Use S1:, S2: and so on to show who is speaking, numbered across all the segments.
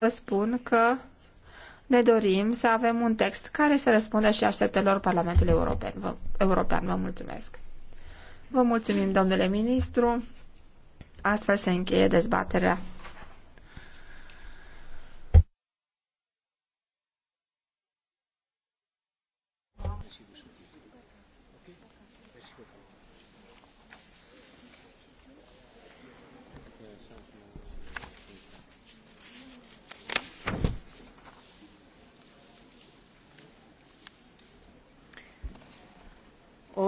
S1: să spun că ne dorim să avem un text care să răspundă și așteptelor Parlamentului European. Vă, European. Vă mulțumesc. Vă mulțumim, domnule ministru. Astfel se încheie dezbaterea.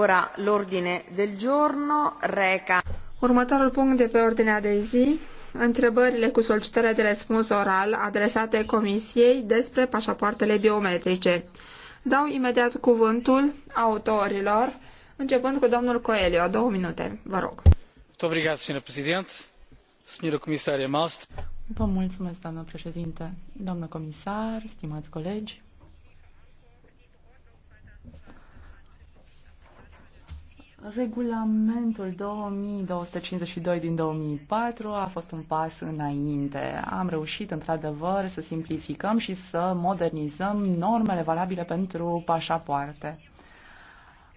S1: Ora l'ordine del giorno reca. Următorul punct de pe ordinea de zi, întrebările cu solicitare de răspuns oral adresate Comisiei despre pașapoartele biometrice. Dau imediat cuvântul autorilor, începând cu domnul Coelho. Două minute, vă rog.
S2: Obrigat, domnule președinte, domnule comisar Malmström.
S3: Vă mulțumesc, doamnă președinte, doamnă comisar, stimați colegi. Regulamentul 2252 din 2004 a fost un pas înainte. Am reușit, într-adevăr, să simplificăm și să modernizăm normele valabile pentru pașapoarte.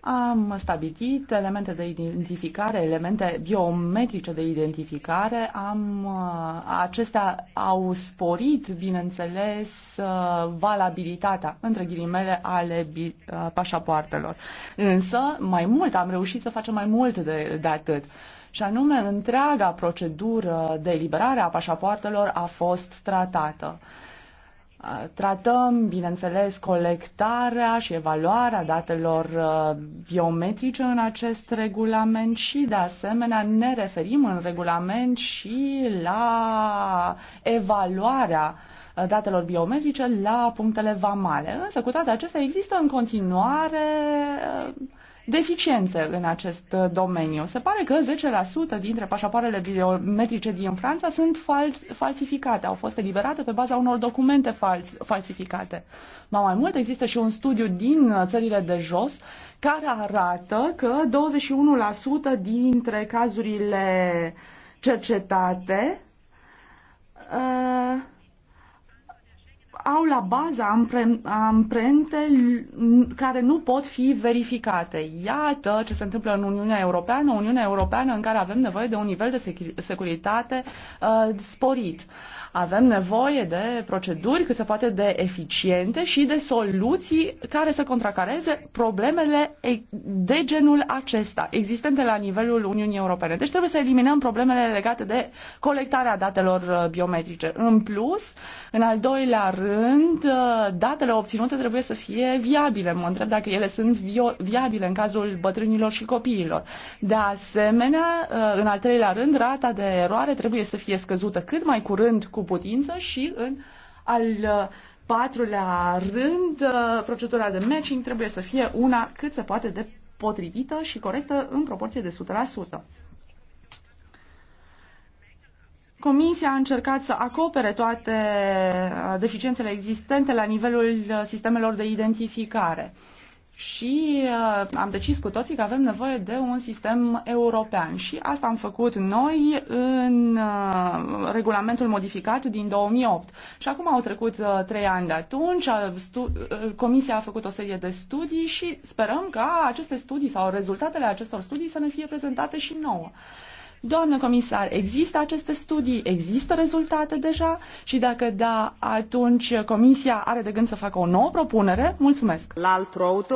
S3: Am stabilit elemente de identificare, elemente biometrice de identificare. Am, uh, acestea au sporit, bineînțeles, uh, valabilitatea, între ghilimele, ale uh, pașapoartelor. Însă, mai mult, am reușit să facem mai mult de, de atât și anume întreaga procedură de eliberare a pașapoartelor a fost tratată. Tratăm, bineînțeles, colectarea și evaluarea datelor biometrice în acest regulament și, de asemenea, ne referim în regulament și la evaluarea datelor biometrice la punctele vamale. Însă, cu toate acestea, există în continuare deficiențe în acest uh, domeniu. Se pare că 10% dintre pașapoarele biometrice din Franța sunt fal- falsificate, au fost eliberate pe baza unor documente fal- falsificate. Ma mai mult, există și un studiu din uh, țările de jos care arată că 21% dintre cazurile cercetate uh, au la bază amprente care nu pot fi verificate. Iată ce se întâmplă în Uniunea Europeană, Uniunea Europeană în care avem nevoie de un nivel de securitate uh, sporit. Uh, avem nevoie de proceduri cât se poate de eficiente și de soluții care să contracareze problemele de genul acesta, existente la nivelul Uniunii Europene. Deci trebuie să eliminăm problemele legate de colectarea datelor uh, biometrice. În plus, în al doilea rând, uh, datele obținute trebuie să fie viabile. Mă întreb dacă ele sunt viabile în cazul bătrânilor și copiilor. De asemenea, uh, în al treilea rând, rata de eroare trebuie să fie scăzută cât mai curând cu putință și în al uh, patrulea rând, uh, procedura de matching trebuie să fie una cât se poate de potrivită și corectă în proporție de 100%. Comisia a încercat să acopere toate uh, deficiențele existente la nivelul sistemelor de identificare. Uh, și uh, am decis cu toții că avem nevoie de un sistem european și asta am făcut noi în uh, regulamentul modificat din 2008. Și acum au trecut uh, trei ani de atunci, a, stu- uh, Comisia a făcut o serie de studii și sperăm ca aceste studii sau rezultatele acestor studii să ne fie prezentate și nouă. Doamnă comisar, există aceste studii, există rezultate deja și dacă da, atunci Comisia are de gând să facă o nouă propunere. Mulțumesc! La alt auto.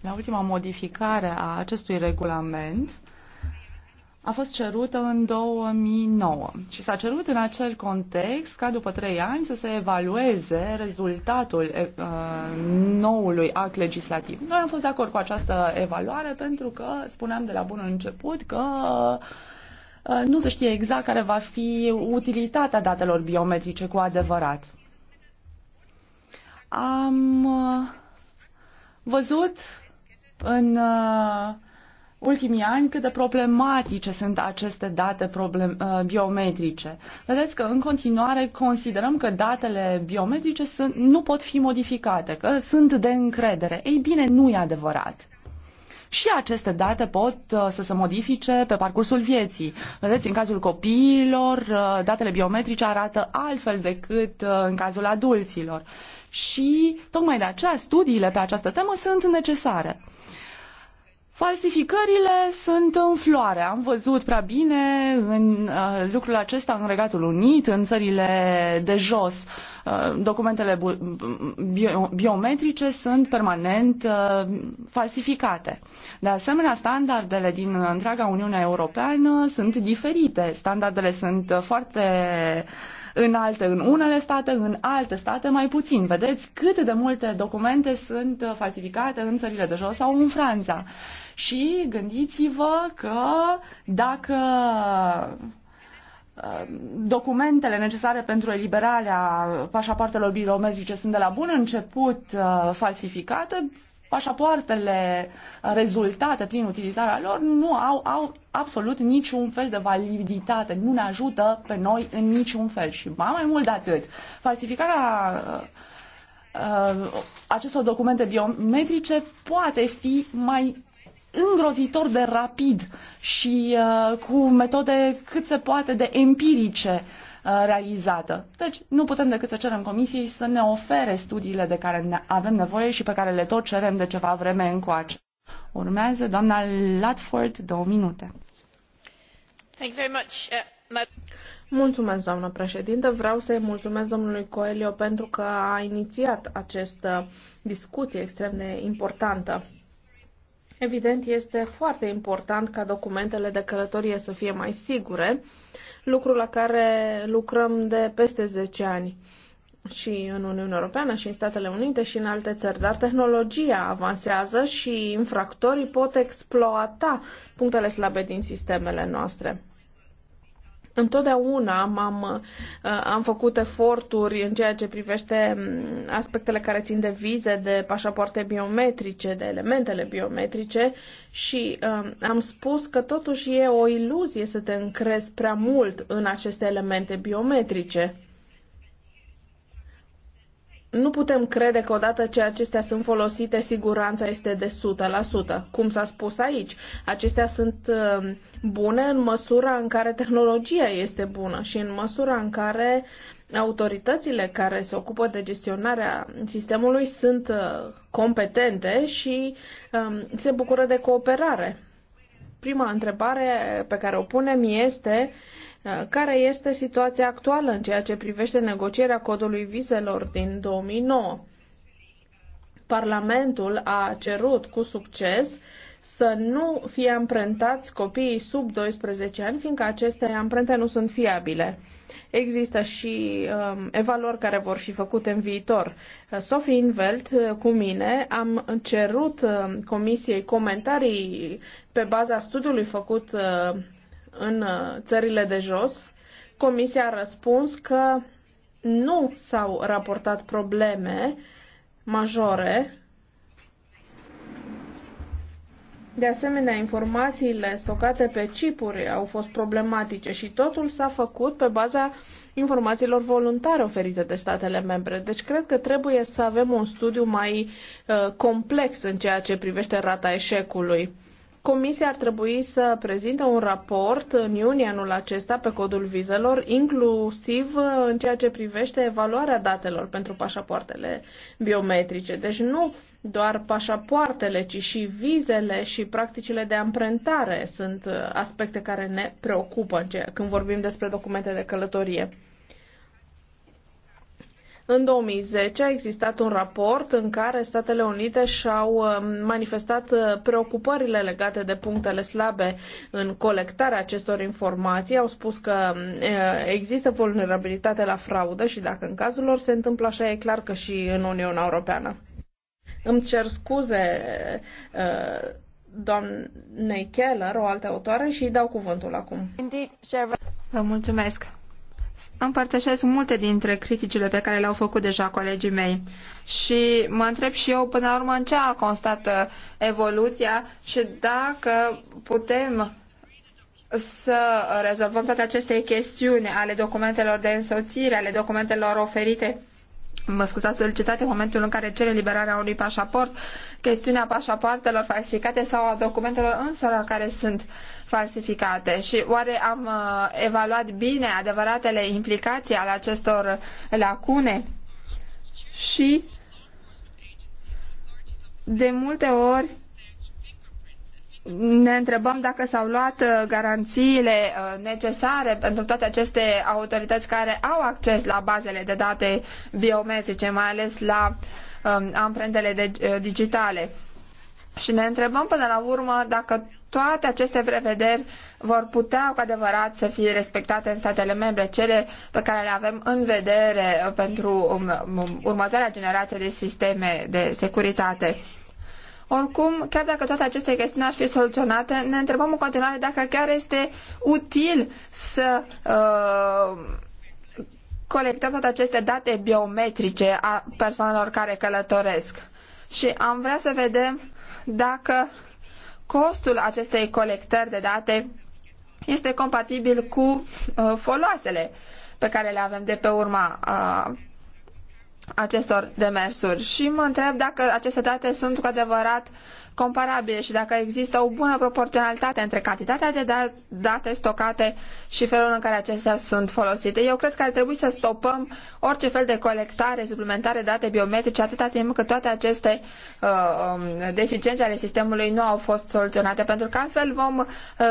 S3: La ultima modificare a acestui regulament a fost cerută în 2009 și s-a cerut în acel context ca după trei ani să se evalueze rezultatul uh, noului act legislativ. Noi am fost de acord cu această evaluare pentru că spuneam de la bun început că uh, nu se știe exact care va fi utilitatea datelor biometrice cu adevărat. Am uh, văzut în uh, ultimii ani cât de problematice sunt aceste date problem, uh, biometrice. Vedeți că în continuare considerăm că datele biometrice sunt, nu pot fi modificate, că sunt de încredere. Ei bine, nu e adevărat și aceste date pot uh, să se modifice pe parcursul vieții. Vedeți, în cazul copiilor, uh, datele biometrice arată altfel decât uh, în cazul adulților. Și tocmai de aceea studiile pe această temă sunt necesare. Falsificările sunt în floare. Am văzut prea bine în uh, lucrul acesta în Regatul Unit, în țările de jos. Uh, documentele bio biometrice sunt permanent uh, falsificate. De asemenea, standardele din întreaga Uniune Europeană sunt diferite. Standardele sunt uh, foarte înalte în unele state, în alte state mai puțin. Vedeți cât de multe documente sunt uh, falsificate în țările de jos sau în Franța. Și gândiți-vă că dacă uh, documentele necesare pentru eliberarea pașapoartelor biometrice sunt de la bun început uh, falsificate, pașapoartele rezultate prin utilizarea lor nu au, au absolut niciun fel de validitate, nu ne ajută pe noi în niciun fel. Și mai mult de atât, falsificarea uh, acestor documente biometrice poate fi mai îngrozitor de rapid și uh, cu metode cât se poate de empirice uh, realizată. Deci nu putem decât să cerem comisiei să ne ofere studiile de care ne avem nevoie și pe care le tot cerem de ceva vreme încoace. Urmează doamna Latford, două minute.
S4: Thank you very much, uh, Mulțumesc, doamnă președintă. Vreau să-i mulțumesc domnului Coelho pentru că a inițiat această discuție extrem de importantă. Evident, este foarte important ca documentele de călătorie să fie mai sigure, lucru la care lucrăm de peste 10 ani și în Uniunea Europeană și în Statele Unite și în alte țări, dar tehnologia avansează și infractorii pot exploata punctele slabe din sistemele noastre. Întotdeauna m-am, uh, am făcut eforturi în ceea ce privește mm, aspectele care țin de vize, de pașapoarte biometrice, de elementele biometrice și um, am spus că totuși e o iluzie să te încrezi prea mult în aceste elemente biometrice nu putem crede că odată ce acestea sunt folosite, siguranța este de 100%. Cum s-a spus aici, acestea sunt uh, bune în măsura în care tehnologia este bună și în măsura în care autoritățile care se ocupă de gestionarea sistemului sunt uh, competente și um, se bucură de cooperare. Prima întrebare pe care o punem este uh, Uh, care este situația actuală în ceea ce privește negocierea codului vizelor din 2009. Parlamentul a cerut cu succes să nu fie amprentați copiii sub 12 ani, fiindcă aceste amprente nu sunt fiabile. Există și um, evaluări care vor fi făcute în viitor. Uh, Sophie Invelt, uh, cu mine, am cerut um, Comisiei comentarii pe baza studiului făcut uh, în uh, țările de jos, Comisia a răspuns că nu s-au raportat probleme majore. De asemenea, informațiile stocate pe chipuri au fost problematice și totul s-a făcut pe baza informațiilor voluntare oferite de statele membre. Deci cred că trebuie să avem un studiu mai uh, complex în ceea ce privește rata eșecului Comisia ar trebui să prezinte un raport în iunie anul acesta pe codul vizelor, inclusiv în ceea ce privește evaluarea datelor pentru pașapoartele biometrice. Deci nu doar pașapoartele, ci și vizele și practicile de amprentare sunt aspecte care ne preocupă când vorbim despre documente de călătorie. În 2010 a existat un raport în care Statele Unite și-au uh, manifestat uh, preocupările legate de punctele slabe în colectarea acestor informații. Au spus că uh, există vulnerabilitate la fraudă și dacă în cazul lor se întâmplă așa, e clar că și în Uniunea Europeană. Îmi cer scuze doamnei Keller, o altă autoare, și îi dau cuvântul acum. Vă
S1: mulțumesc. Împărtășesc multe dintre criticile pe care le-au făcut deja colegii mei și mă întreb și eu până la urmă în ce a constat uh, evoluția și dacă putem să rezolvăm toate aceste chestiuni ale documentelor de însoțire, ale documentelor oferite mă scuzați, solicitate în momentul în care cere liberarea unui pașaport, chestiunea pașapoartelor falsificate sau a documentelor însora care sunt falsificate. Și oare am uh, evaluat bine adevăratele implicații ale acestor lacune? Și de multe ori ne întrebăm dacă s-au luat uh, garanțiile uh, necesare pentru toate aceste autorități care au acces la bazele de date biometrice, mai ales la um, amprentele uh, digitale. Și ne întrebăm până la urmă dacă toate aceste prevederi vor putea cu adevărat să fie respectate în statele membre, cele pe care le avem în vedere pentru um, um, următoarea generație de sisteme de securitate. Oricum, chiar dacă toate aceste chestiuni ar fi soluționate, ne întrebăm în continuare dacă chiar este util să uh, colectăm toate aceste date biometrice a persoanelor care călătoresc. Și am vrea să vedem dacă costul acestei colectări de date este compatibil cu uh, foloasele pe care le avem de pe urma uh, acestor demersuri și mă întreb dacă aceste date sunt cu adevărat comparabile și dacă există o bună proporționalitate între cantitatea de da- date stocate și felul în care acestea sunt folosite. Eu cred că ar trebui să stopăm orice fel de colectare suplimentare date biometrice atâta timp cât toate aceste uh, um, deficiențe ale sistemului nu au fost soluționate, pentru că altfel vom uh,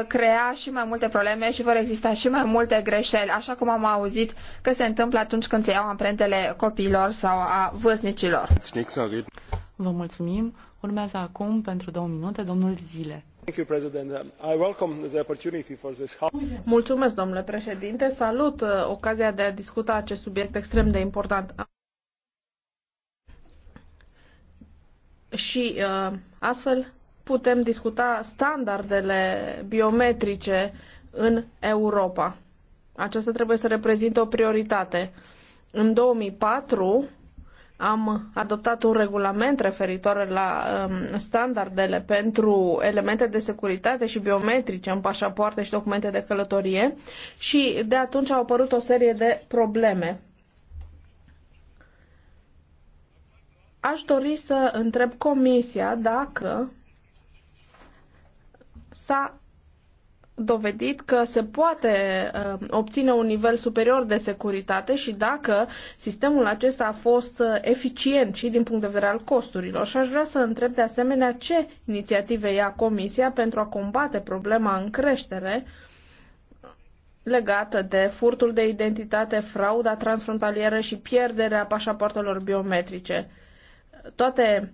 S1: crea și mai multe probleme și vor exista și mai multe greșeli, așa cum am auzit că se întâmplă atunci când se iau amprentele
S3: copiilor sau a vârstnicilor. Vă mulțumim. Urmează
S4: acum, pentru două minute, domnul Zile.
S5: Uh,
S4: Mulțumesc, domnule președinte. Salut uh, ocazia de a discuta acest subiect extrem de important. Și uh, astfel putem discuta standardele biometrice în Europa. Aceasta trebuie să reprezinte o prioritate. În 2004, am adoptat un regulament referitor la um, standardele pentru elemente de securitate și biometrice în pașapoarte și documente de călătorie și de atunci au apărut o serie de probleme. Aș dori să întreb Comisia dacă s-a dovedit că se poate uh, obține un nivel superior de securitate și dacă sistemul acesta a fost uh, eficient și din punct de vedere al costurilor. Și aș vrea să întreb de asemenea ce inițiative ia Comisia pentru a combate problema în creștere legată de furtul de identitate, frauda transfrontalieră și pierderea pașapoartelor biometrice. Toate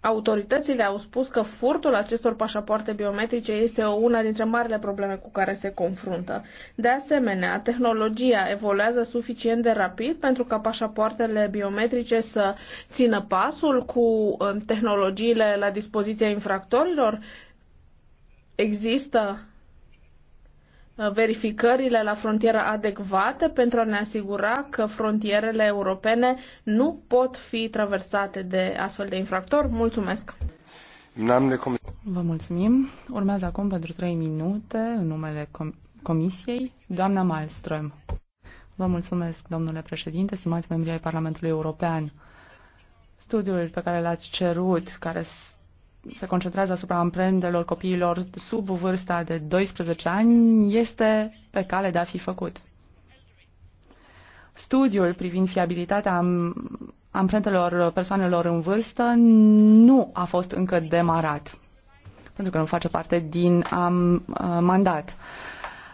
S4: autoritățile au spus că furtul acestor pașapoarte biometrice este una dintre marile probleme cu care se confruntă. De asemenea, tehnologia evoluează suficient de rapid pentru ca pașapoartele biometrice să țină pasul cu um, tehnologiile la dispoziția infractorilor? Există verificările la frontieră adecvate pentru a ne asigura că frontierele europene nu pot fi traversate de astfel de infractori. Mulțumesc!
S5: Vă
S3: mulțumim. Urmează acum pentru 3 minute în numele com Comisiei, doamna Malmström. Vă mulțumesc, domnule președinte, stimați membri ai Parlamentului European. Studiul pe care l-ați cerut, care se concentrează asupra amprentelor copiilor sub vârsta de 12 ani este pe cale de a fi făcut. Studiul privind fiabilitatea amprentelor persoanelor în vârstă nu a fost încă demarat, pentru că nu face parte din am, uh, mandat.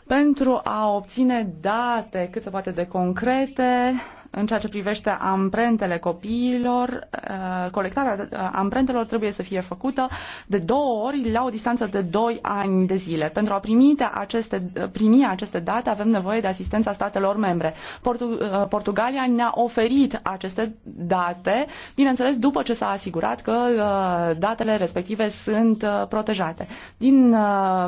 S3: Pentru a obține date cât se poate de concrete, în ceea ce privește amprentele copiilor, uh, colectarea uh, amprentelor trebuie să fie făcută de două ori la o distanță de 2 ani de zile. Pentru a primi aceste, uh, primi aceste date avem nevoie de asistența statelor membre. Portu, Portugalia ne-a oferit aceste date, bineînțeles după ce s-a asigurat că datele respective sunt protejate. Din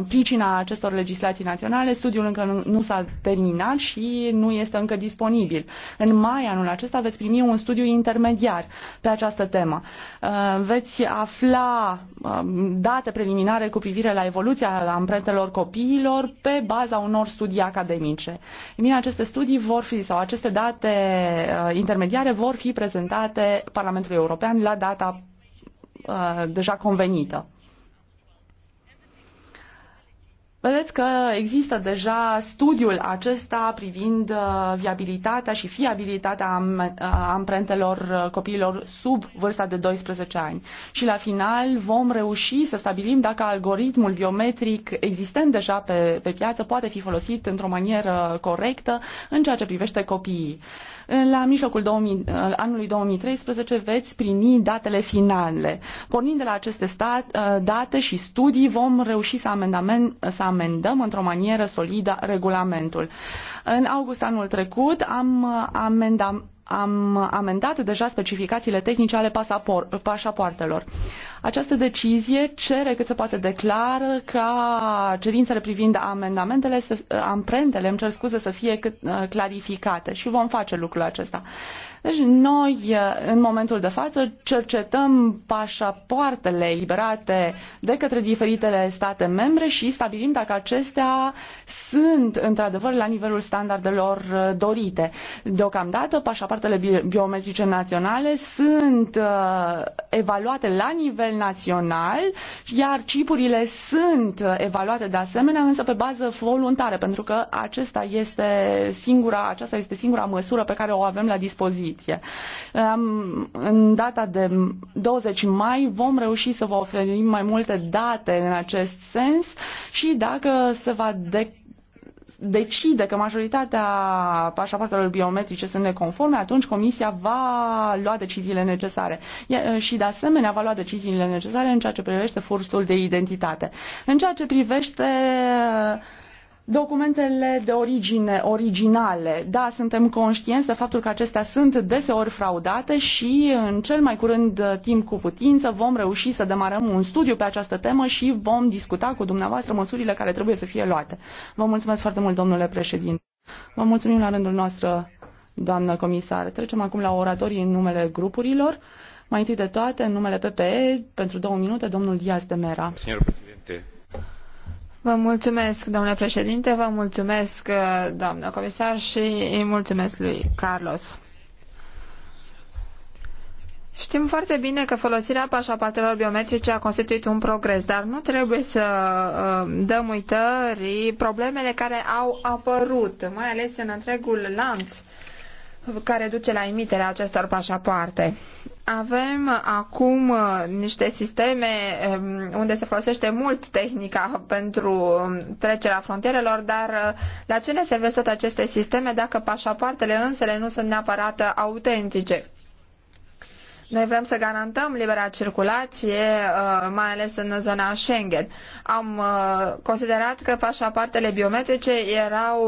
S3: pricina acestor legislații naționale, studiul încă nu s-a terminat și nu este încă disponibil. În mai mai anul acesta veți primi un studiu intermediar pe această temă. Uh, veți afla um, date preliminare cu privire la evoluția amprentelor copiilor pe baza unor studii academice. E bine, aceste studii vor fi, sau aceste date uh, intermediare vor fi prezentate Parlamentului European la data uh, deja convenită. Vedeți că există deja studiul acesta privind uh, viabilitatea și fiabilitatea uh, amprentelor uh, copiilor sub vârsta de 12 ani. Și la final vom reuși să stabilim dacă algoritmul biometric existent deja pe, pe piață poate fi folosit într-o manieră corectă în ceea ce privește copiii la mijlocul 2000, uh, anului 2013 veți primi datele finale. Pornind de la aceste stat, uh, date și studii, vom reuși să, amendăm, să amendăm într-o manieră solidă regulamentul. În august anul trecut am uh, amendat am amendat deja specificațiile tehnice ale pașapoartelor. Această decizie cere cât se poate declar ca cerințele privind amendamentele, să, amprentele, îmi cer scuze, să fie uh, clarificate și vom face lucrul acesta. Deci noi, eh, în momentul de față, cercetăm pașapoartele eliberate de către diferitele state membre și stabilim dacă acestea sunt, într-adevăr, la nivelul standardelor eh, dorite. Deocamdată, pașapoartele biometrice naționale sunt uh, evaluate la nivel național, iar cipurile sunt evaluate de asemenea, însă pe bază voluntară, pentru că acesta este singura, aceasta este singura măsură pe care o avem la dispoziție poziție. În data de 20 mai vom reuși să vă oferim mai multe date în acest sens și dacă se va de- decide că majoritatea pașapoartelor biometrice sunt neconforme, atunci Comisia va lua deciziile necesare și, de asemenea, va lua deciziile necesare în ceea ce privește furtul de identitate. În ceea ce privește uh, Documentele de origine originale, da, suntem conștienți de faptul că acestea sunt deseori fraudate și în cel mai curând timp cu putință vom reuși să demarăm un studiu pe această temă și vom discuta cu dumneavoastră măsurile care trebuie să fie luate. Vă mulțumesc foarte mult, domnule președinte. Vă mulțumim la rândul noastră, doamnă comisar. Trecem acum la oratorii în numele grupurilor. Mai întâi de toate, în numele PPE, pentru două minute, domnul Diaz de Mera.
S5: președinte,
S3: Vă mulțumesc, domnule președinte,
S1: vă mulțumesc, uh, doamnă comisar, și îi mulțumesc lui Carlos. Știm foarte bine că folosirea pașapatelor biometrice a constituit un progres, dar nu trebuie să uh, dăm uitări problemele care au apărut, mai ales în întregul lanț care duce la emiterea acestor pașapoarte. Avem acum uh, niște sisteme um, unde se folosește mult tehnica pentru um, trecerea frontierelor, dar uh, la ce ne servesc toate aceste sisteme dacă pașapoartele însele nu sunt neapărat autentice? Noi vrem să garantăm libera circulație, uh, mai ales în zona Schengen. Am uh, considerat că pașapartele biometrice erau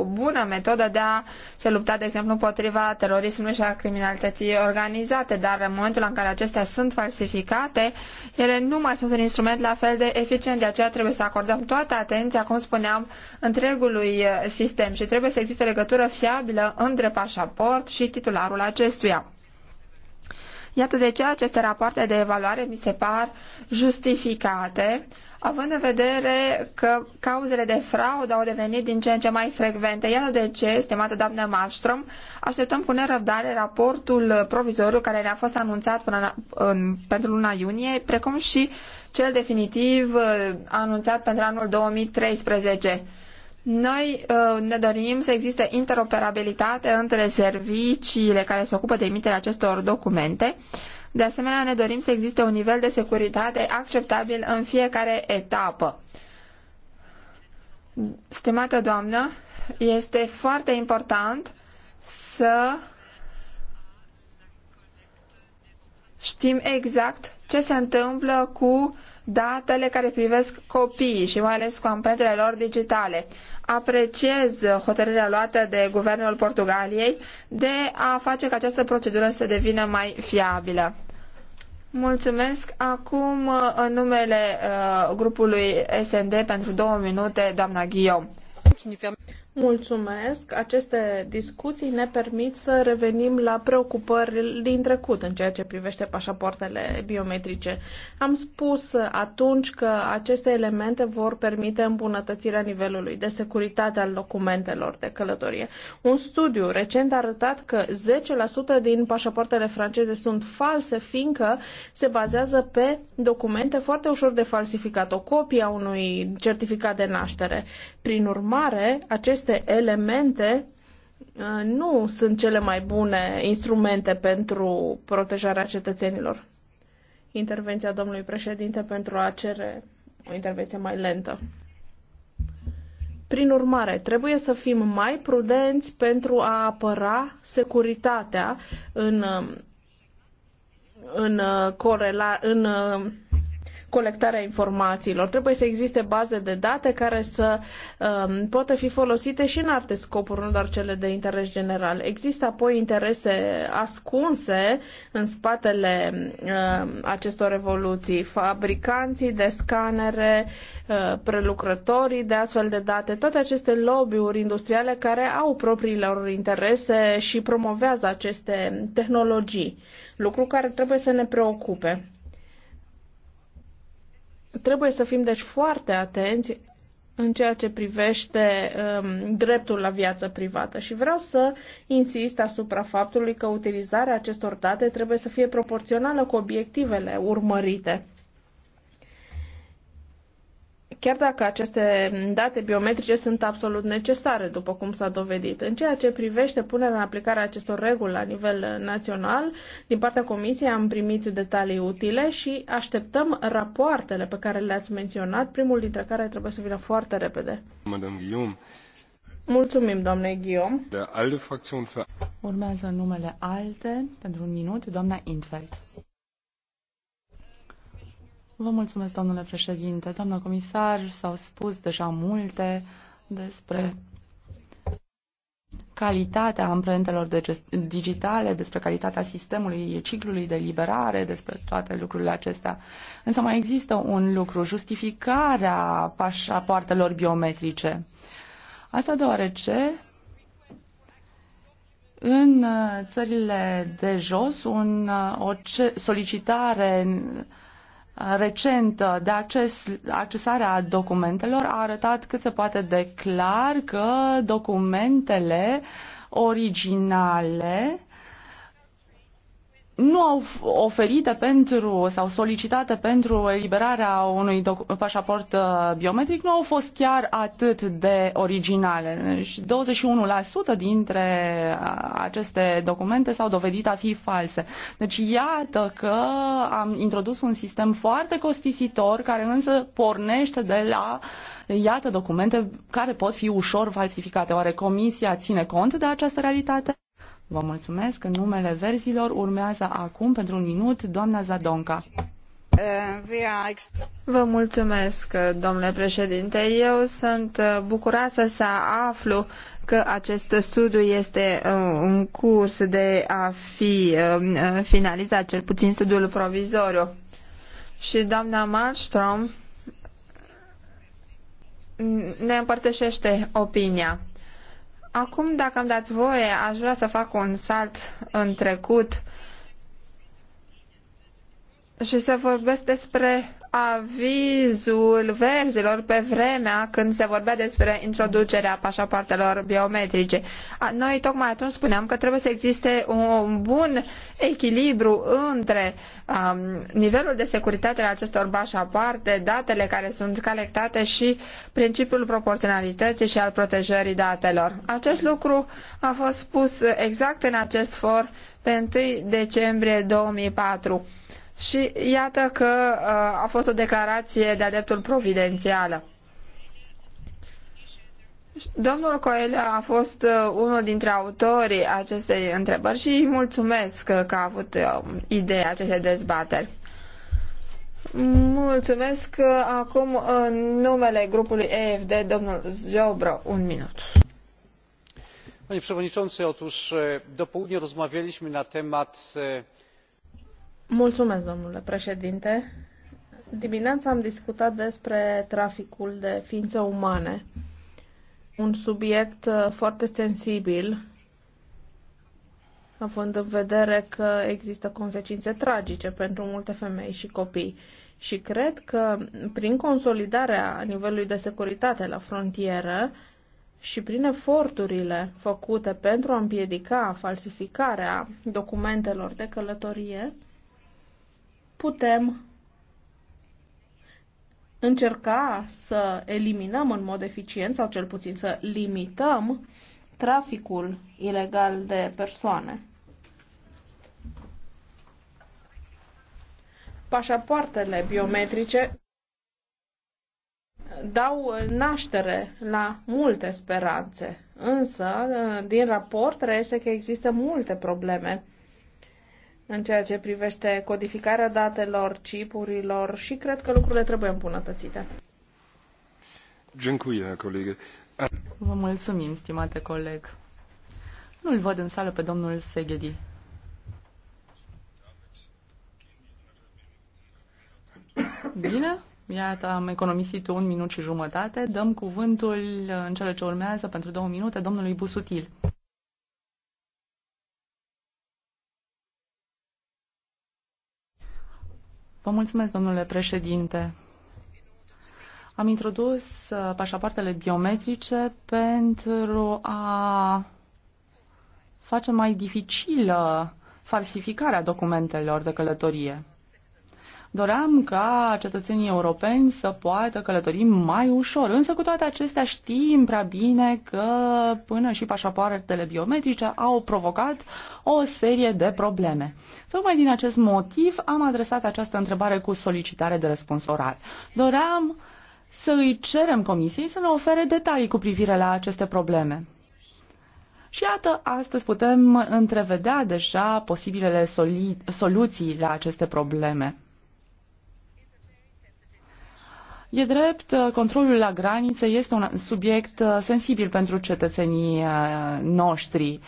S1: o bună metodă de a se lupta, de exemplu, împotriva terorismului și a criminalității organizate, dar în momentul în care acestea sunt falsificate, ele nu mai sunt un instrument la fel de eficient, de aceea trebuie să acordăm toată atenția, cum spuneam, întregului uh, sistem și trebuie să existe o legătură fiabilă între pașaport și titularul acestuia. Iată de ce aceste rapoarte de evaluare mi se par justificate, având în vedere că cauzele de fraudă au devenit din ce în ce mai frecvente. Iată de ce, stimată doamnă Malmström, așteptăm cu nerăbdare raportul provizoriu care ne-a fost anunțat până în, în, pentru luna iunie, precum și cel definitiv eh, anunțat pentru anul 2013. Noi uh, ne dorim să existe interoperabilitate între serviciile care se ocupă de emiterea acestor documente. De asemenea, ne dorim să existe un nivel de securitate acceptabil în fiecare etapă. Stimată doamnă, este foarte important să știm exact ce se întâmplă cu datele care privesc copiii și mai ales cu amprentele lor digitale apreciez hotărârea luată de guvernul Portugaliei de a face ca această procedură să devină mai fiabilă. Mulțumesc. Acum, în numele uh, grupului SND, pentru două minute, doamna Ghiom.
S4: Mulțumesc. Aceste discuții ne permit să revenim la preocupări din trecut în ceea ce privește pașapoartele biometrice. Am spus atunci că aceste elemente vor permite îmbunătățirea nivelului de securitate al documentelor de călătorie. Un studiu recent a arătat că 10% din pașapoartele franceze sunt false, fiindcă se bazează pe documente foarte ușor de falsificat, o copie a unui certificat de naștere. Prin urmare, acest aceste elemente uh, nu sunt cele mai bune instrumente pentru protejarea cetățenilor. Intervenția domnului președinte pentru a cere o intervenție mai lentă. Prin urmare, trebuie să fim mai prudenți pentru a apăra securitatea în, uh, în, uh, corela, în colectarea informațiilor. Trebuie să existe baze de date care să um, poată fi folosite și în alte scopuri, nu doar cele de interes general. Există apoi interese ascunse în spatele um, acestor revoluții. Fabricanții de scanere, uh, prelucrătorii de astfel de date, toate aceste lobby-uri industriale care au propriile lor interese și promovează aceste tehnologii. Lucru care trebuie să ne preocupe. Trebuie să fim deci foarte atenți în ceea ce privește um, dreptul la viață privată și vreau să insist asupra faptului că utilizarea acestor date trebuie să fie proporțională cu obiectivele urmărite chiar dacă aceste date biometrice sunt absolut necesare, după cum s-a dovedit. În ceea ce privește punerea în aplicare a acestor reguli la nivel național, din partea Comisiei am primit detalii utile și așteptăm rapoartele pe care le-ați menționat, primul dintre care trebuie să vină foarte repede. Guillaume. Mulțumim, doamne Guillaume. Urmează numele
S3: alte pentru un minut, doamna Infeld. Vă mulțumesc, domnule președinte. Doamna comisar, s-au spus deja multe despre calitatea amprentelor digitale, despre calitatea sistemului ciclului de liberare, despre toate lucrurile acestea. Însă mai există un lucru, justificarea pașapoartelor biometrice. Asta deoarece în uh, țările de jos un, uh, o solicitare recent de acces, accesarea documentelor a arătat cât se poate de clar că documentele originale nu au oferite pentru sau solicitate pentru eliberarea unui pașaport uh, biometric nu au fost chiar atât de originale. Și 21% dintre uh, aceste documente s-au dovedit a fi false. Deci iată că am introdus un sistem foarte costisitor care însă pornește de la iată documente care pot fi ușor falsificate. Oare comisia ține cont de această realitate? Vă mulțumesc. În numele verzilor urmează acum, pentru un minut, doamna Zadonca.
S1: Vă mulțumesc, domnule președinte. Eu sunt bucuroasă să aflu că acest studiu este uh, în curs de a fi uh, finalizat, cel puțin studiul provizoriu. Și doamna Malmström ne împărtășește opinia. Acum, dacă îmi dați voie, aș vrea să fac un salt în trecut și să vorbesc despre avizul verzilor pe vremea când se vorbea despre introducerea pașapoartelor biometrice. Noi tocmai atunci spuneam că trebuie să existe un bun echilibru între um, nivelul de securitate al acestor pașapoarte, datele care sunt colectate și principiul proporționalității și al protejării datelor. Acest lucru a fost spus exact în acest for pe 1 decembrie 2004 și iată că uh, a fost o declarație de-a dreptul providențială. Domnul Coelho a fost uh, unul dintre autorii acestei întrebări și îi mulțumesc uh, că a avut ideea acestei dezbateri. Mulțumesc. Acum, în numele grupului EFD, domnul Ziobro,
S4: un minut.
S2: Panie Przewodniczący, otóż do południa rozmawialiśmy na temat
S4: Mulțumesc, domnule președinte. Dimineața am discutat despre traficul de ființe umane, un subiect uh, foarte sensibil, având în vedere că există consecințe tragice pentru multe femei și copii. Și cred că prin consolidarea nivelului de securitate la frontieră și prin eforturile făcute pentru a împiedica falsificarea documentelor de călătorie, putem încerca să eliminăm în mod eficient sau cel puțin să limităm traficul ilegal de persoane. Pașapoartele biometrice dau naștere la multe speranțe, însă din raport reiese că există multe probleme în ceea ce privește codificarea datelor, chipurilor și cred că lucrurile trebuie îmbunătățite.
S3: Vă mulțumim, stimate coleg. Nu-l văd în sală pe domnul Seghedi. Bine, iată, am economisit un minut și jumătate. Dăm cuvântul în cele ce urmează pentru două minute domnului Busutil. Vă mulțumesc, domnule președinte. Am introdus uh, pașapoartele biometrice pentru a face mai dificilă falsificarea documentelor de călătorie. Doream ca cetățenii europeni să poată călători mai ușor, însă cu toate acestea știm prea bine că până și pașapoartele biometrice au provocat o serie de probleme. Tocmai din acest motiv am adresat această întrebare cu solicitare de răspuns oral. Doream să îi cerem comisiei să ne ofere detalii cu privire la aceste probleme. Și iată, astăzi putem întrevedea deja posibilele soluții la aceste probleme. E drept, uh, controlul la granițe este un subiect uh, sensibil pentru cetățenii uh, noștri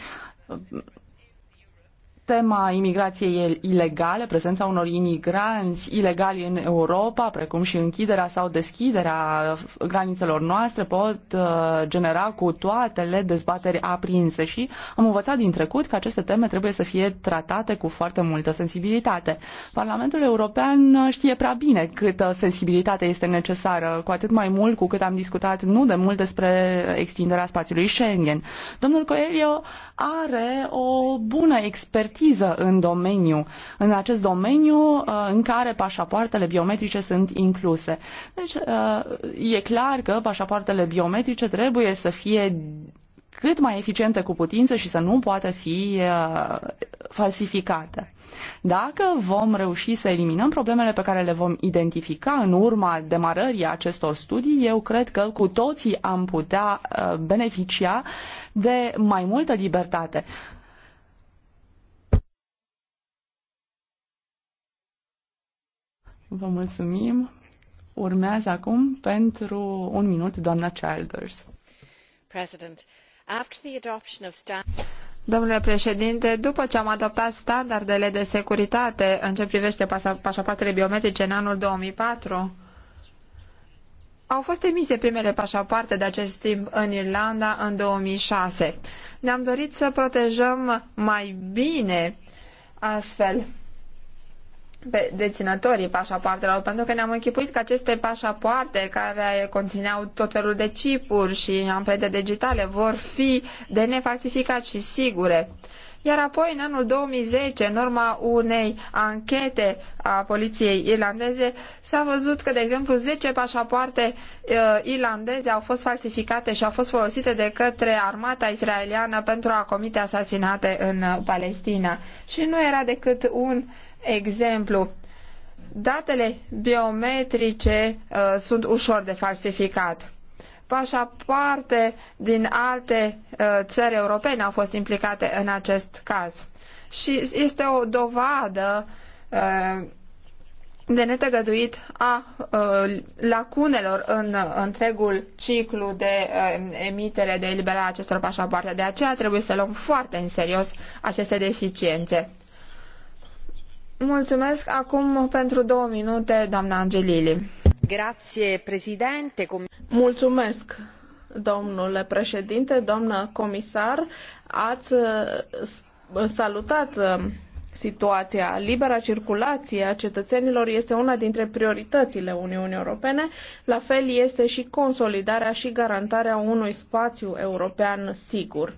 S3: tema imigrației ilegale, prezența unor imigranți ilegali în Europa, precum și închiderea sau deschiderea granițelor noastre, pot uh, genera cu toatele dezbateri aprinse și am învățat din trecut că aceste teme trebuie să fie tratate cu foarte multă sensibilitate. Parlamentul European știe prea bine câtă sensibilitate este necesară, cu atât mai mult cu cât am discutat nu de mult despre extinderea spațiului Schengen. Domnul Coelho are o bună expertiză expertiză în domeniu, în acest domeniu uh, în care pașapoartele biometrice sunt incluse. Deci uh, e clar că pașapoartele biometrice trebuie să fie cât mai eficiente cu putință și să nu poată fi uh, falsificate. Dacă vom reuși să eliminăm problemele pe care le vom identifica în urma demarării acestor studii, eu cred că cu toții am putea beneficia de mai multă libertate. Vă mulțumim. Urmează acum pentru un minut doamna Childers.
S1: President, after the adoption of
S3: Domnule președinte, după ce am adoptat
S1: standardele de securitate în ce privește pașapoartele biometrice în anul 2004, au fost emise primele pașapoarte de acest timp în Irlanda în 2006. Ne-am dorit să protejăm mai bine astfel pe deținătorii pașapoartelor, pentru că ne-am închipuit că aceste pașapoarte care conțineau tot felul de cipuri și amprente digitale vor fi de nefalsificat și sigure. Iar apoi, în anul 2010, în urma unei anchete a poliției irlandeze, s-a văzut că, de exemplu, 10 pașapoarte uh, irlandeze au fost falsificate și au fost folosite de către armata israeliană pentru a comite asasinate în uh, Palestina. Și nu era decât un uh, exemplu, datele biometrice uh, sunt ușor de falsificat. Pașaparte din alte uh, țări europene au fost implicate în acest caz. Și este o dovadă uh, de netăgăduit a uh, lacunelor în uh, întregul ciclu de uh, emitere, de eliberare a acestor pașapoarte. De aceea trebuie să luăm foarte în serios aceste deficiențe. Mulțumesc acum pentru două minute, doamna Angelili.
S4: Grație, președinte. Mulțumesc, domnule președinte, doamnă comisar. Ați uh, salutat uh, situația. Libera circulație a cetățenilor este una dintre prioritățile Uniunii Europene, la fel este și consolidarea și garantarea unui spațiu european sigur.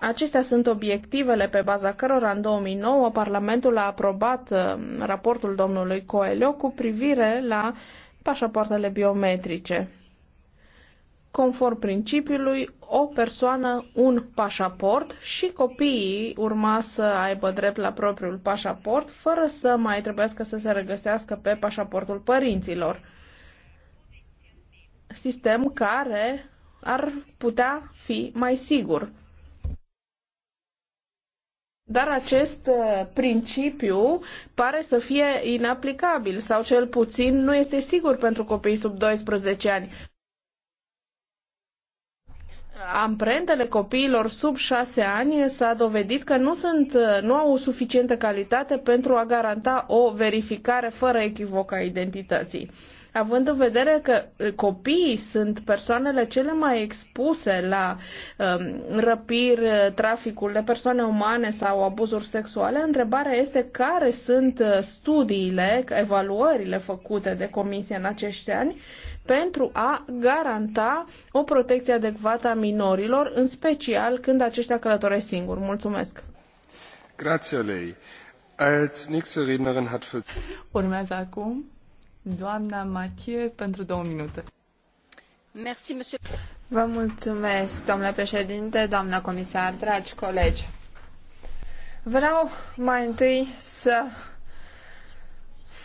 S4: Acestea sunt obiectivele pe baza cărora în 2009 Parlamentul a aprobat uh, raportul domnului Coelho cu privire la pașapoartele biometrice. Conform principiului, o persoană, un pașaport și copiii urma să aibă drept la propriul pașaport, fără să mai trebuiască să se regăsească pe pașaportul părinților. Sistem care ar putea fi mai sigur dar acest uh, principiu pare să fie inaplicabil sau cel puțin nu este sigur pentru copiii sub 12 ani. Amprentele copiilor sub 6 ani s-a dovedit că nu, sunt, uh, nu au o suficientă calitate pentru a garanta o verificare fără echivoc a identității având în vedere că uh, copiii sunt persoanele cele mai expuse la um, uh, răpiri, traficul de persoane umane sau abuzuri sexuale, întrebarea este care sunt uh, studiile, evaluările făcute de comisie în acești ani pentru a garanta o protecție adecvată a minorilor, în special când aceștia călătoresc singuri. Mulțumesc!
S5: Grazie lei. Als nächste Rednerin hat für...
S4: Urmează acum
S3: Doamna Machie, pentru două minute. Merci, monsieur. Vă
S1: mulțumesc, domnule președinte, doamna comisar, dragi colegi. Vreau mai întâi să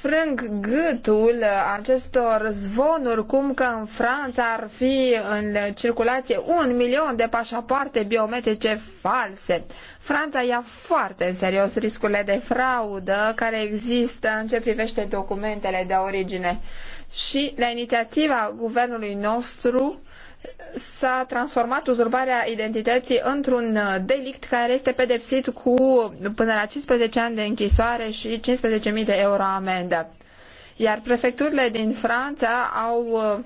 S1: frâng gâtul acestor zvonuri cum că în Franța ar fi în circulație un milion de pașapoarte biometrice false. Franța ia foarte în serios riscurile de fraudă care există în ce privește documentele de origine. Și la inițiativa guvernului nostru, s-a transformat uzurbarea identității într-un uh, delict care este pedepsit cu până la 15 ani de închisoare și 15.000 de euro amendă. Iar prefecturile din Franța au uh,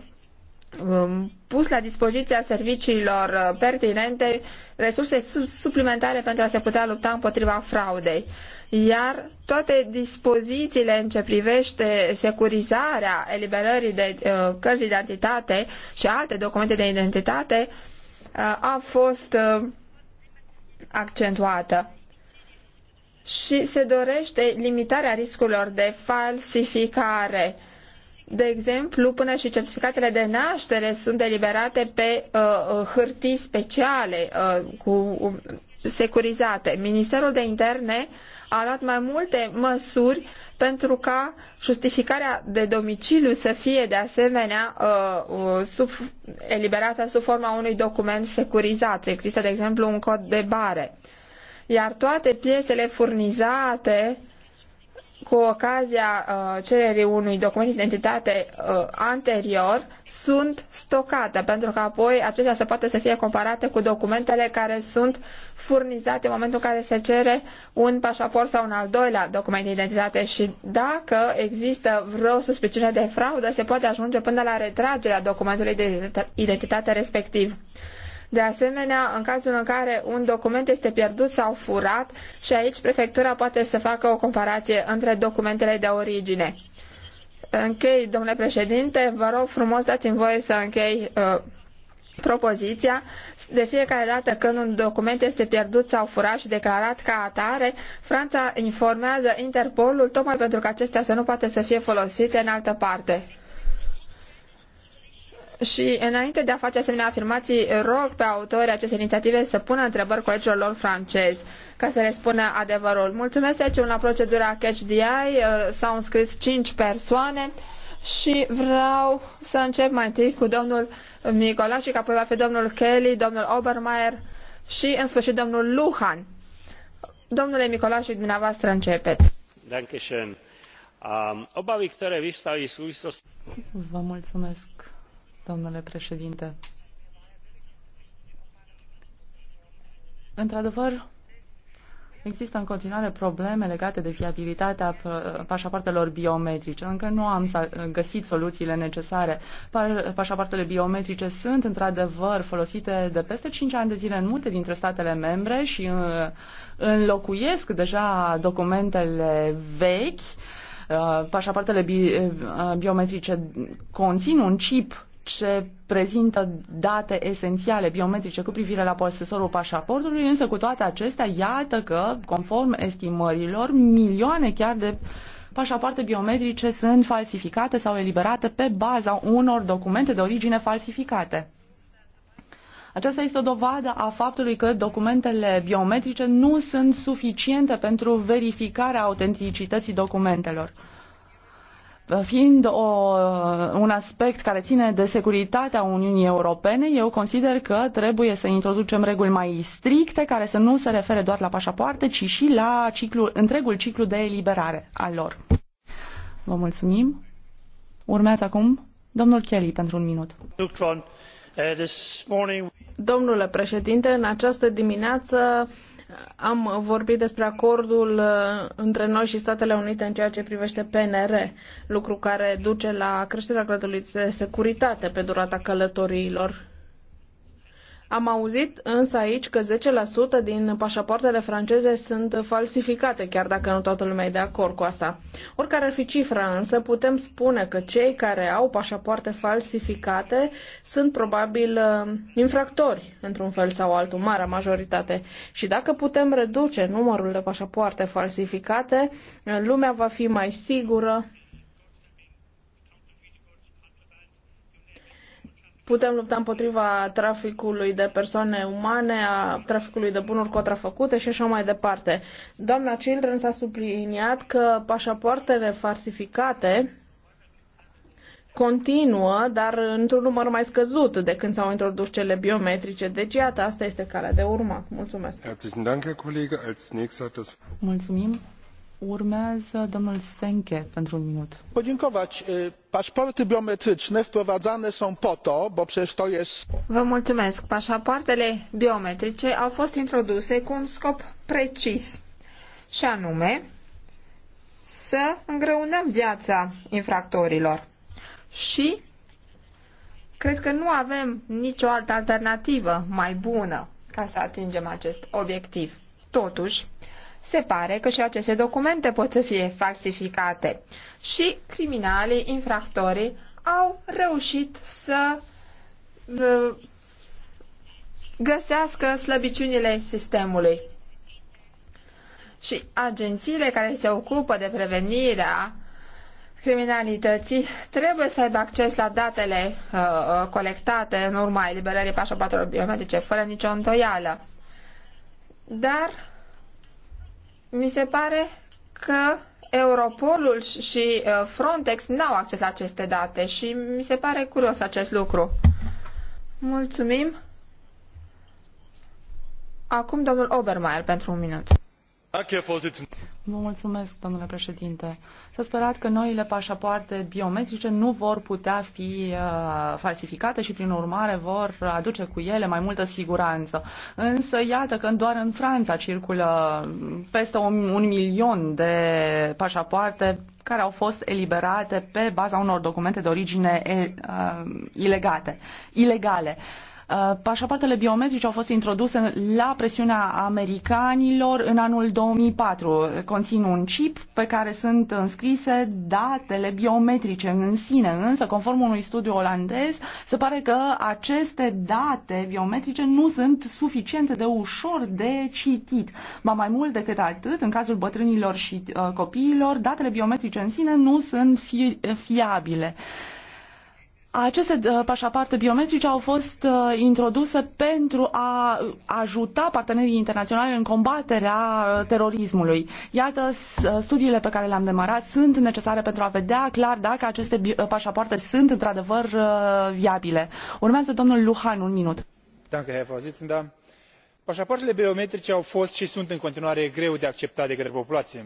S1: Um, pus la dispoziția serviciilor uh, pertinente resurse suplimentare pentru a se putea lupta împotriva fraudei. Iar toate dispozițiile în ce privește securizarea eliberării de uh, cărți de identitate și alte documente de identitate uh, a fost accentuată. Și se dorește limitarea riscurilor de falsificare de exemplu, până și certificatele de naștere sunt deliberate pe uh, uh, hârtii speciale uh, cu um, securizate. Ministerul de Interne a luat mai multe măsuri pentru ca justificarea de domiciliu să fie de asemenea uh, uh, sub, eliberată sub forma unui document securizat. Există, de exemplu, un cod de bare. Iar toate piesele furnizate cu ocazia uh, cererii unui document de identitate uh, anterior sunt stocate pentru că apoi acestea se poate să fie comparate cu documentele care sunt furnizate în momentul în care se cere un pașaport sau un al doilea document de identitate și dacă există vreo suspiciune de fraudă se poate ajunge până la retragerea documentului de identitate respectiv. De asemenea, în cazul în care un document este pierdut sau furat și aici prefectura poate să facă o comparație între documentele de origine. Închei, domnule președinte, vă rog frumos dați-mi voie să închei uh, propoziția. De fiecare dată când un document este pierdut sau furat și declarat ca atare, Franța informează Interpolul tocmai pentru că acestea să nu poate să fie folosite în altă parte. Și înainte de a face asemenea afirmații, rog pe autorii acestei inițiative să pună întrebări colegilor lor francezi ca să le spună adevărul. Mulțumesc, deci, la procedura Catch the Eye. Uh, s-au înscris cinci persoane și vreau să încep mai întâi cu domnul Nicola și apoi va fi domnul Kelly, domnul Obermeier și în sfârșit domnul Luhan. Domnule Nicola și
S3: dumneavoastră începeți.
S2: Um, care
S3: Vă mulțumesc domnule președinte. Într-adevăr, există în continuare probleme legate de fiabilitatea uh, pașapoartelor biometrice. Încă nu am uh, găsit soluțiile necesare. Pașapoartele biometrice sunt într-adevăr folosite de peste 5 ani de zile în multe dintre statele membre și uh, înlocuiesc deja documentele vechi. Pașapoartele bi- biometrice conțin un chip ce prezintă date esențiale biometrice cu privire la posesorul pașaportului, însă cu toate acestea, iată că, conform estimărilor, milioane chiar de pașapoarte biometrice sunt falsificate sau eliberate pe baza unor documente de origine falsificate. Aceasta este o dovadă a faptului că documentele biometrice nu sunt suficiente pentru verificarea autenticității documentelor. Fiind o, un aspect care ține de securitatea Uniunii Europene, eu consider că trebuie să introducem reguli mai stricte care să nu se refere doar la pașapoarte, ci și la ciclu, întregul ciclu de eliberare al lor. Vă mulțumim. Urmează acum domnul Kelly pentru un minut.
S5: Uh,
S4: Domnule președinte, în această dimineață am vorbit despre acordul uh, între noi și Statele Unite în ceea ce privește PNR, lucru care duce la creșterea gradului de securitate pe durata călătoriilor am auzit însă aici că 10% din pașapoartele franceze sunt falsificate, chiar dacă nu toată lumea e de acord cu asta. Oricare ar fi cifra însă, putem spune că cei care au pașapoarte falsificate sunt probabil uh, infractori, într-un fel sau altul, marea majoritate. Și dacă putem reduce numărul de pașapoarte falsificate, uh, lumea va fi mai sigură, Putem lupta împotriva traficului de persoane umane, a traficului de bunuri contrafăcute și așa mai departe. Doamna Children s-a subliniat că pașapoartele falsificate continuă, dar într-un număr mai scăzut de când s-au introdus cele biometrice. Deci, iată, asta este calea de urmă. Mulțumesc.
S3: Mulțumim. Urmează domnul Senche pentru un minut.
S2: Podziękować. Paszporty biometryczne wprowadzane są po to, bo przecież to jest...
S3: Vă mulțumesc.
S1: Pașapoartele biometrice au fost introduse cu un scop precis, și anume să îngreunăm viața infractorilor. Și cred că nu avem nicio altă alternativă mai bună ca să atingem acest obiectiv. Totuși, se pare că și aceste documente pot să fie falsificate și criminalii, infractorii au reușit să găsească slăbiciunile sistemului. Și agențiile care se ocupă de prevenirea criminalității trebuie să aibă acces la datele uh, uh colectate în urma eliberării pașapatelor biometrice, fără nicio îndoială. Dar mi se pare că Europolul și uh, Frontex n-au acces la aceste date și mi se pare curios acest lucru. Mulțumim.
S3: Acum domnul Obermeier pentru un minut mulțumesc, domnule președinte. S-a sperat că noile pașapoarte biometrice nu vor putea fi uh, falsificate și, prin urmare, vor aduce cu ele mai multă siguranță. Însă, iată că doar în Franța circulă peste un, un milion de pașapoarte care au fost eliberate pe baza unor documente de origine uh, ilegate, ilegale. Uh, Uh, pașapoartele biometrice au fost introduse la presiunea americanilor în anul 2004. Conțin un chip pe care sunt înscrise datele biometrice în sine, însă, conform unui studiu olandez, se pare că aceste date biometrice nu sunt suficiente de ușor de citit. Ba mai mult decât atât, în cazul bătrânilor și uh, copiilor, datele biometrice în sine nu sunt fi- fiabile. Aceste uh, pașapoarte biometrice au fost uh, introduse pentru a ajuta partenerii internaționali în combaterea uh, terorismului. Iată, studiile pe care le-am demarat sunt necesare pentru a vedea clar dacă aceste pașapoarte sunt într-adevăr viabile. Urmează domnul Luhan, un minut.
S5: Pașapoartele biometrice au fost și sunt în continuare greu de acceptat de către populație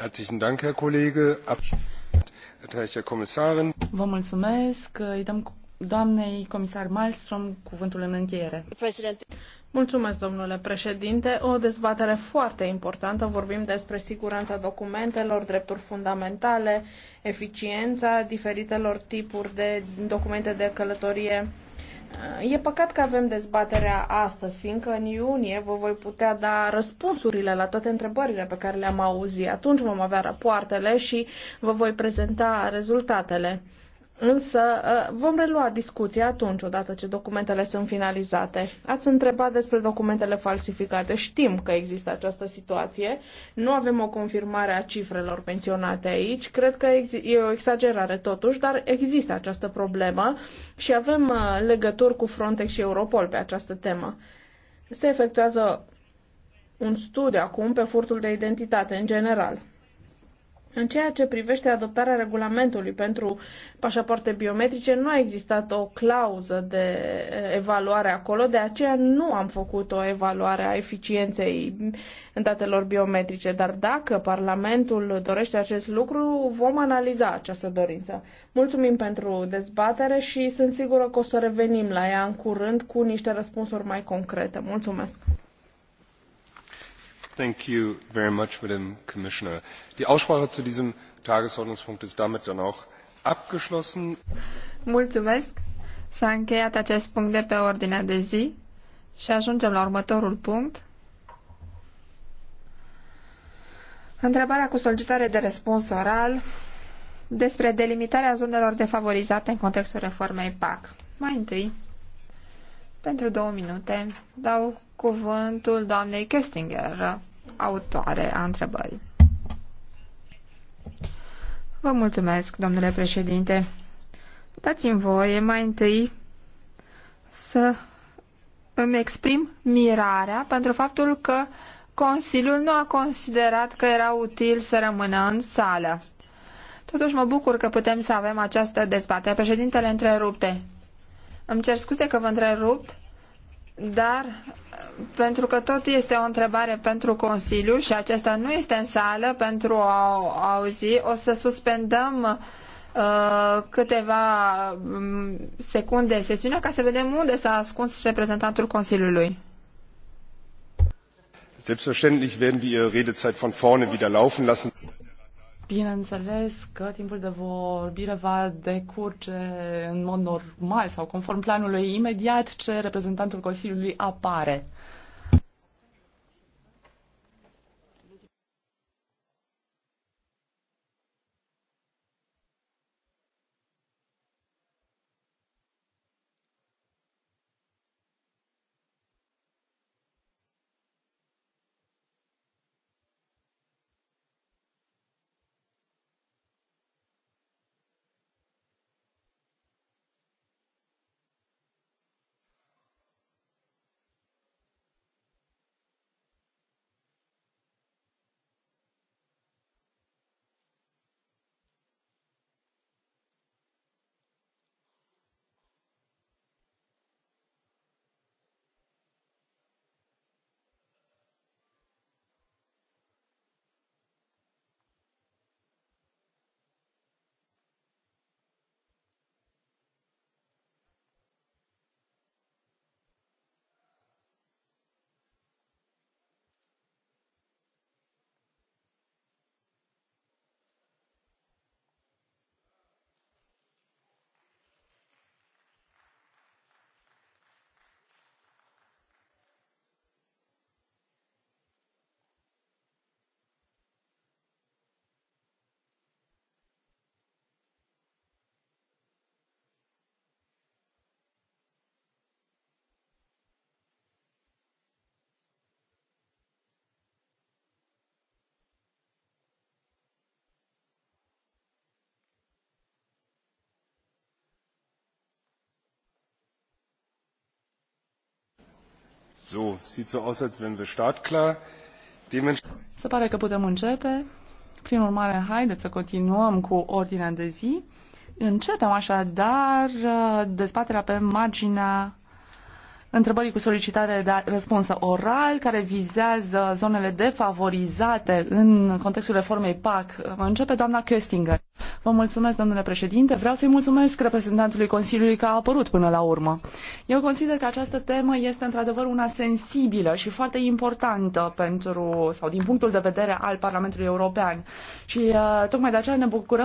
S5: mulțumesc.
S4: doamnei comisar cuvântul în încheiere. domnule președinte. O dezbatere foarte importantă. Vorbim despre siguranța documentelor, drepturi fundamentale, eficiența diferitelor tipuri de documente de călătorie E păcat că avem dezbaterea astăzi, fiindcă în iunie vă voi putea da răspunsurile la toate întrebările pe care le-am auzit. Atunci vom avea rapoartele și vă voi prezenta rezultatele. Însă uh, vom relua discuția atunci, odată ce documentele sunt finalizate. Ați întrebat despre documentele falsificate. Știm că există această situație. Nu avem o confirmare a cifrelor menționate aici. Cred că e o exagerare totuși, dar există această problemă și avem uh, legături cu Frontex și Europol pe această temă. Se efectuează un studiu acum pe furtul de identitate în general. În ceea ce privește adoptarea regulamentului pentru pașapoarte biometrice, nu a existat o clauză de evaluare acolo, de aceea nu am făcut o evaluare a eficienței datelor biometrice. Dar dacă Parlamentul dorește acest lucru, vom analiza această dorință. Mulțumim pentru dezbatere și sunt sigură că o să revenim la ea în curând cu niște răspunsuri mai concrete. Mulțumesc!
S5: Die Aussprache zu diesem Tagesordnungspunkt ist damit dann auch abgeschlossen.
S1: Mulțumesc. S-a încheiat acest punct de pe ordinea de zi și ajungem la următorul punct. Întrebarea cu solicitare de răspuns oral despre delimitarea zonelor defavorizate în contextul reformei PAC. Mai întâi, pentru două minute dau cuvântul doamnei Köstinger, autoare a întrebării. Vă mulțumesc, domnule președinte. Dați-mi voie mai întâi să îmi exprim mirarea pentru faptul că Consiliul nu a considerat că era util să rămână în sală. Totuși mă bucur că putem să avem această dezbatere. Președintele întrerupte. Îmi cer scuze că vă întrerupt, dar pentru că tot este o întrebare pentru Consiliu și acesta nu este în sală pentru a auzi, o să suspendăm uh, câteva um, secunde sesiunea ca să vedem unde s-a ascuns reprezentantul Consiliului.
S5: Selbstverständlich werden wir Ihre Redezeit von vorne wieder laufen lassen.
S3: Bineînțeles că timpul de vorbire va decurge în mod normal sau conform planului imediat ce reprezentantul Consiliului apare. Se pare că putem începe. Prin urmare, haideți să continuăm cu ordinea de zi. Începem așadar uh, dezbaterea pe marginea întrebării cu solicitare de răspuns oral care vizează zonele defavorizate în contextul reformei PAC. Începe doamna Köstinger. Vă mulțumesc, domnule președinte. Vreau să-i mulțumesc reprezentantului Consiliului că a apărut până la urmă. Eu consider că această temă este într-adevăr una sensibilă și foarte importantă pentru, sau din punctul de vedere al Parlamentului European. Și uh, tocmai de aceea ne bucurăm